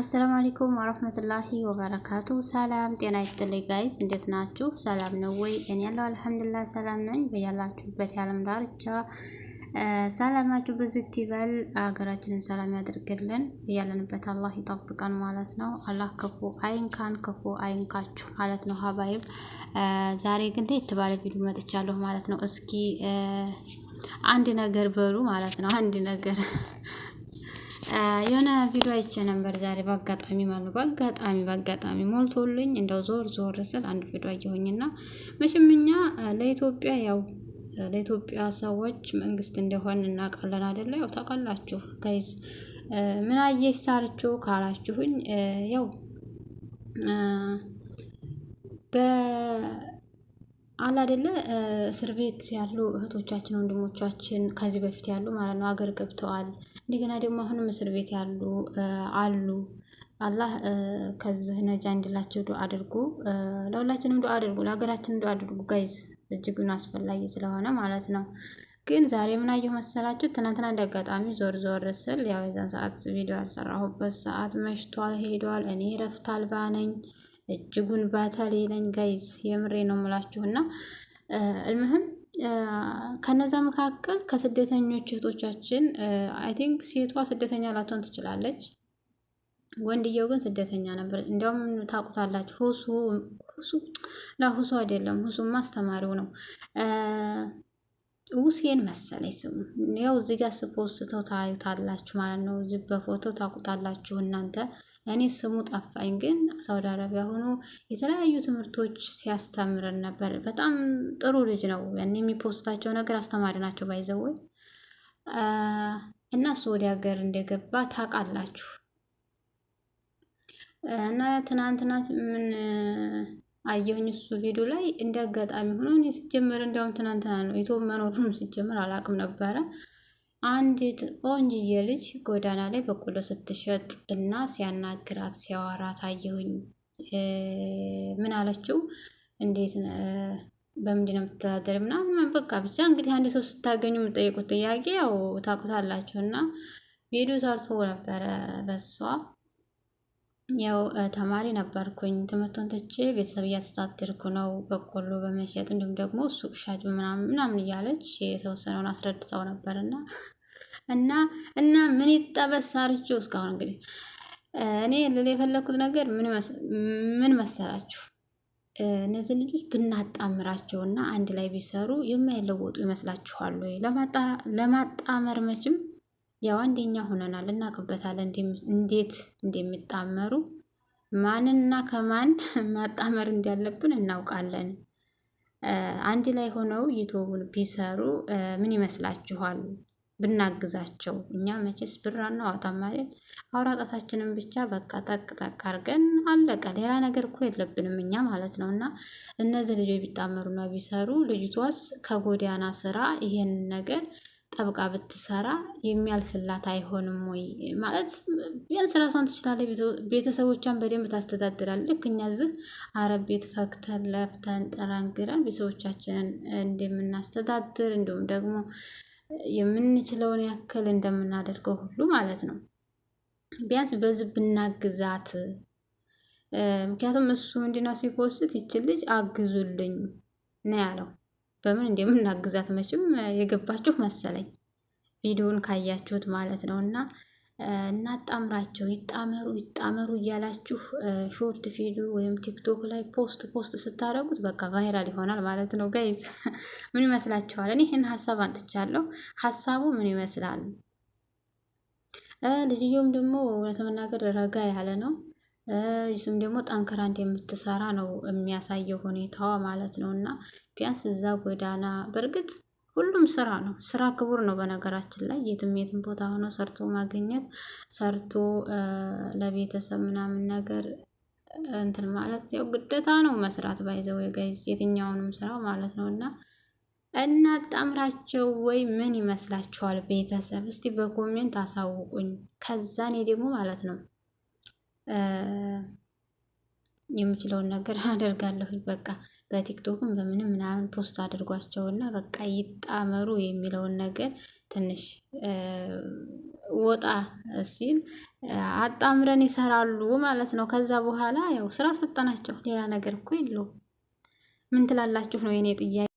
አሰላሙ አለይኩም ወራህመቱላሂ ወበረካቱ። ሰላም ጤና ይስጥልኝ ጋይስ፣ እንዴት ናችሁ? ሰላም ነው ወይ? እኔ ያለው አልሐምዱሊላህ ሰላም ነኝ። በያላችሁበት የዓለም ዳርቻ ሰላማችሁ ብዙ ይበል። ሀገራችንን ሰላም ያድርግልን። እያለንበት አላህ ይጠብቀን ማለት ነው። አላህ ክፉ አይንካን፣ ክፉ አይንካችሁ ማለት ነው። ሀባይም ዛሬ ግን ለየት ባለ ቪዲዮ መጥቻለሁ ማለት ነው። እስኪ አንድ ነገር በሉ ማለት ነው። አንድ ነገር የሆነ ቪዲዮ አይቼ ነበር ዛሬ በአጋጣሚ ማለት ነው። በአጋጣሚ በአጋጣሚ ሞልቶልኝ እንደው ዞር ዞር ስል አንድ ቪዲዮ አየሁኝና መቼም እኛ ለኢትዮጵያ ያው ለኢትዮጵያ ሰዎች መንግስት እንደሆን እናውቃለን አይደለ? ያው ታውቃላችሁ። ከይዝ ምን አየሽ ሳልችው ካላችሁኝ ያው አለ አደለ እስር ቤት ያሉ እህቶቻችን ወንድሞቻችን ከዚህ በፊት ያሉ ማለት ነው አገር ገብተዋል። እንደገና ደግሞ አሁንም እስር ቤት ያሉ አሉ። አላህ ከዚህ ነጃ እንዲላቸው ዱዓ አድርጉ። ለሁላችንም ዱዓ አድርጉ፣ ለሀገራችን ዱዓ አድርጉ ጋይዝ፣ እጅግን አስፈላጊ ስለሆነ ማለት ነው። ግን ዛሬ ምን አየሁ መሰላችሁ? ትናንትና እንደ አጋጣሚ ዞር ዞር ስል ያው የዛን ሰዓት ቪዲዮ ያልሰራሁበት ሰዓት መሽቷል፣ ሄዷል። እኔ ረፍት አልባ ነኝ። እጅጉን ባታሌ ነኝ ጋይዝ፣ የምሬ ነው የምላችሁ እና እልምህም ከነዛ መካከል ከስደተኞች እህቶቻችን አይ ቲንክ ሴቷ ስደተኛ ላትሆን ትችላለች። ወንድየው ግን ስደተኛ ነበር። እንዲያውም ታውቁታላችሁ፣ ሁሱ ሁሱ አይደለም፣ ሁሱማ አስተማሪው ነው። ሁሴን መሰለኝ ስሙ። ያው እዚህ ጋር ስፖስተው ታዩታላችሁ ማለት ነው። እዚህ በፎቶ ታውቁታላችሁ እናንተ። እኔ ስሙ ጠፋኝ፣ ግን ሳውዲ አረቢያ ሆኖ የተለያዩ ትምህርቶች ሲያስተምርን ነበር። በጣም ጥሩ ልጅ ነው። ያን የሚፖስታቸው ነገር አስተማሪ ናቸው ባይዘው እና እሱ ወደ ሀገር እንደገባ ታውቃላችሁ። እና ትናንትና ምን አየሁኝ እሱ ቪዲዮ ላይ እንደ አጋጣሚ ሆኖ እኔ ሲጀመር እንዲያውም ትናንትና ነው ኢትዮ መኖሩን ሲጀመር አላውቅም ነበረ። አንዲት ቆንጅዬ ልጅ ጎዳና ላይ በቆሎ ስትሸጥ እና ሲያናግራት ሲያወራት አየሁኝ። ምን አለችው? እንዴት በምንድን ነው የምትተዳደር? ምናምን በቃ ብቻ እንግዲህ አንድ ሰው ስታገኙ የምጠይቁት ጥያቄ ያው ታውቁታላችሁ እና ቪዲዮ ሰርቶ ነበረ በሷ ያው ተማሪ ነበርኩኝ። ትምህርቱን ትቼ ቤተሰብ እያስተዳደርኩ ነው። በቆሎ በመሸጥ እንዲሁም ደግሞ ሱቅ ሻጭ ምናምን እያለች የተወሰነውን አስረድተው ነበር እና እና እና ምን ይጠበስ እስካሁን እንግዲህ እኔ ልል የፈለግኩት ነገር ምን መሰላችሁ? እነዚህ ልጆች ብናጣምራቸው እና አንድ ላይ ቢሰሩ የማይለወጡ ይመስላችኋል ወይ? ለማጣመር መችም ያው አንደኛ ሆነናል፣ እናውቅበታለን እንዴት እንደሚጣመሩ ማንና ከማን ማጣመር እንዳለብን እናውቃለን። አንድ ላይ ሆነው ዩቱቡን ቢሰሩ ምን ይመስላችኋል? ብናግዛቸው እኛ መቼስ ብር አናዋጣም ማለት አውራጣታችንን ብቻ በቃ ጠቅ ጠቅ አድርገን አለቀ። ሌላ ነገር እኮ የለብንም እኛ ማለት ነው። እና እነዚህ ልጆች ቢጣመሩና ቢሰሩ ልጅቷስ ከጎዳና ስራ ይሄንን ነገር ጠብቃ ብትሰራ የሚያልፍላት አይሆንም ወይ? ማለት ቢያንስ ራሷን ትችላለ ቤተሰቦቿን በደንብ ታስተዳድራለች። ልክ እኛ እዚህ አረብ ቤት ፈክተን ለፍተን ጠራንግረን ቤተሰቦቻችንን እንደምናስተዳድር እንዲሁም ደግሞ የምንችለውን ያክል እንደምናደርገው ሁሉ ማለት ነው። ቢያንስ በዚህ ብናግዛት። ምክንያቱም እሱ ምንድነው ሲፖስት ይች ልጅ አግዙልኝ ነው ያለው። በምን እንደምናግዛት መቼም የገባችሁ መሰለኝ ቪዲዮን ካያችሁት ማለት ነው። እና እናጣምራቸው ይጣመሩ ይጣመሩ እያላችሁ ሾርት ቪዲዮ ወይም ቲክቶክ ላይ ፖስት ፖስት ስታደርጉት በቃ ቫይራል ይሆናል ማለት ነው። ጋይዝ ምን ይመስላችኋል? እኔ ይህን ሀሳብ አንጥቻለሁ። ሀሳቡ ምን ይመስላል? ልጅየውም ደግሞ እውነት መናገር ረጋ ያለ ነው። እሱም ደግሞ ጠንክራ እንደምትሰራ ነው የሚያሳየው ሁኔታዋ ማለት ነው። እና ቢያንስ እዛ ጎዳና በእርግጥ ሁሉም ስራ ነው ስራ ክቡር ነው። በነገራችን ላይ የትም የትም ቦታ ሆኖ ሰርቶ ማግኘት ሰርቶ ለቤተሰብ ምናምን ነገር እንትን ማለት ያው ግደታ ነው መስራት ባይዘው ጋይዝ የትኛውንም ስራ ማለት ነው። እና እና ጣምራቸው ወይ ምን ይመስላችኋል? ቤተሰብ እስቲ በኮሜንት አሳውቁኝ። ከዛኔ ደግሞ ማለት ነው የምችለውን ነገር አደርጋለሁ። በቃ በቲክቶክም በምንም ምናምን ፖስት አድርጓቸውና በቃ ይጣመሩ የሚለውን ነገር ትንሽ ወጣ ሲል አጣምረን ይሰራሉ ማለት ነው። ከዛ በኋላ ያው ስራ ሰጠናቸው ሌላ ነገር እኮ የለውም። ምን ትላላችሁ ነው የኔ ጥያቄ